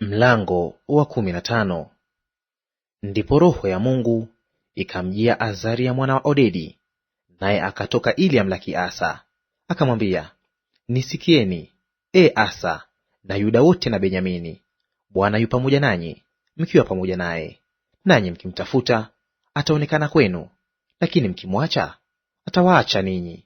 Mlango wa kumi na tano. Ndipo roho ya Mungu ikamjia Azaria mwana wa Odedi, naye akatoka ili amlaki Asa. Akamwambia, nisikieni, e Asa na Yuda wote na Benyamini, Bwana yu pamoja nanyi mkiwa pamoja naye. Nanyi mkimtafuta ataonekana kwenu, lakini mkimwacha atawaacha ninyi.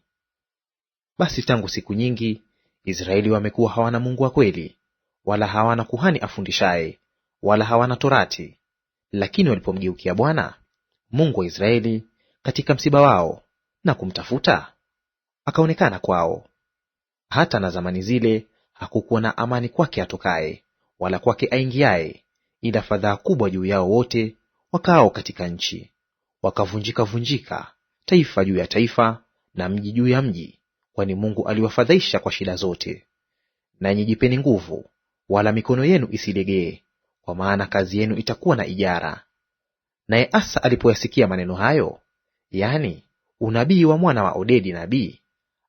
Basi tangu siku nyingi Israeli wamekuwa hawana Mungu wa kweli wala hawana kuhani afundishaye, wala hawana Torati. Lakini walipomgeukia Bwana Mungu wa Israeli katika msiba wao na kumtafuta, akaonekana kwao. Hata na zamani zile hakukuwa na amani kwake atokaye, wala kwake aingiaye, ila fadhaa kubwa juu yao wote wakaao katika nchi. Wakavunjika vunjika taifa juu ya taifa, na mji juu ya mji, kwani Mungu aliwafadhaisha kwa shida zote. Nanyi jipeni nguvu, wala mikono yenu isilegee kwa maana kazi yenu itakuwa na ijara. Naye Asa alipoyasikia maneno hayo, yani unabii wa mwana wa Odedi nabii,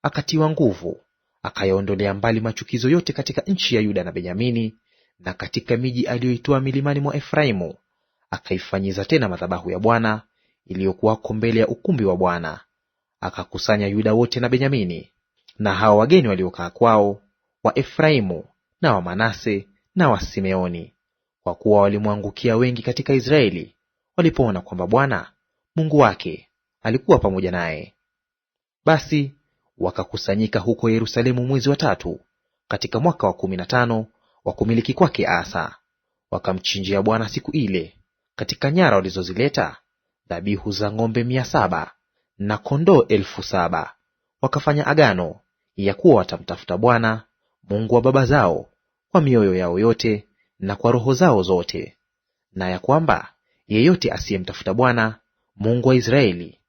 akatiwa nguvu, akayaondolea mbali machukizo yote katika nchi ya Yuda na Benyamini, na katika miji aliyoitoa milimani mwa Efraimu, akaifanyiza tena madhabahu ya Bwana iliyokuwako mbele ya ukumbi wa Bwana. Akakusanya Yuda wote na Benyamini na hawa wageni waliokaa kwao wa Efraimu na wa Manase na wa Simeoni, kwa kuwa walimwangukia wengi katika Israeli walipoona kwamba Bwana Mungu wake alikuwa pamoja naye. Basi wakakusanyika huko Yerusalemu mwezi wa tatu katika mwaka wa kumi na tano wa kumiliki kwake Asa. Wakamchinjia Bwana siku ile katika nyara walizozileta dhabihu za ng'ombe mia saba na kondoo elfu saba. Wakafanya agano ya kuwa watamtafuta Bwana Mungu wa baba zao kwa mioyo yao yote na kwa roho zao zote, na ya kwamba yeyote asiyemtafuta Bwana Mungu wa Israeli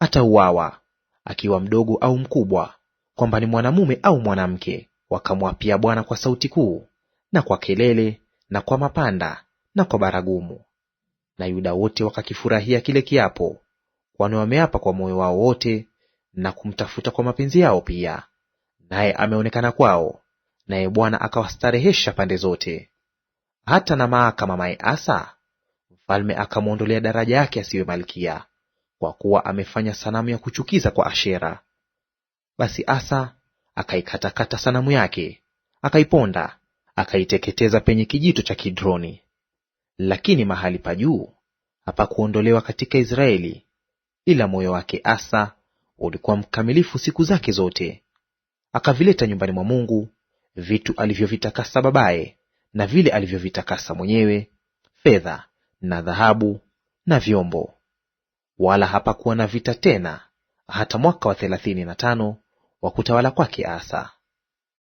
atauawa, akiwa mdogo au mkubwa, kwamba ni mwanamume au mwanamke. Wakamwapia Bwana kwa sauti kuu na kwa kelele na kwa mapanda na kwa baragumu. Na Yuda wote wakakifurahia kile kiapo, kwani wameapa kwa moyo wao wote na kumtafuta kwa mapenzi yao pia, naye ameonekana kwao naye Bwana akawastarehesha pande zote. Hata na Maaka mamaye Asa mfalme akamwondolea daraja yake asiwe malkia, kwa kuwa amefanya sanamu ya kuchukiza kwa Ashera. Basi Asa akaikatakata sanamu yake, akaiponda, akaiteketeza penye kijito cha Kidroni. Lakini mahali pa juu hapakuondolewa katika Israeli, ila moyo wake Asa ulikuwa mkamilifu siku zake zote. Akavileta nyumbani mwa Mungu vitu alivyovitakasa babaye na vile alivyovitakasa mwenyewe, fedha na dhahabu na vyombo. Wala hapakuwa na vita tena hata mwaka wa thelathini na tano wa kutawala kwake Asa.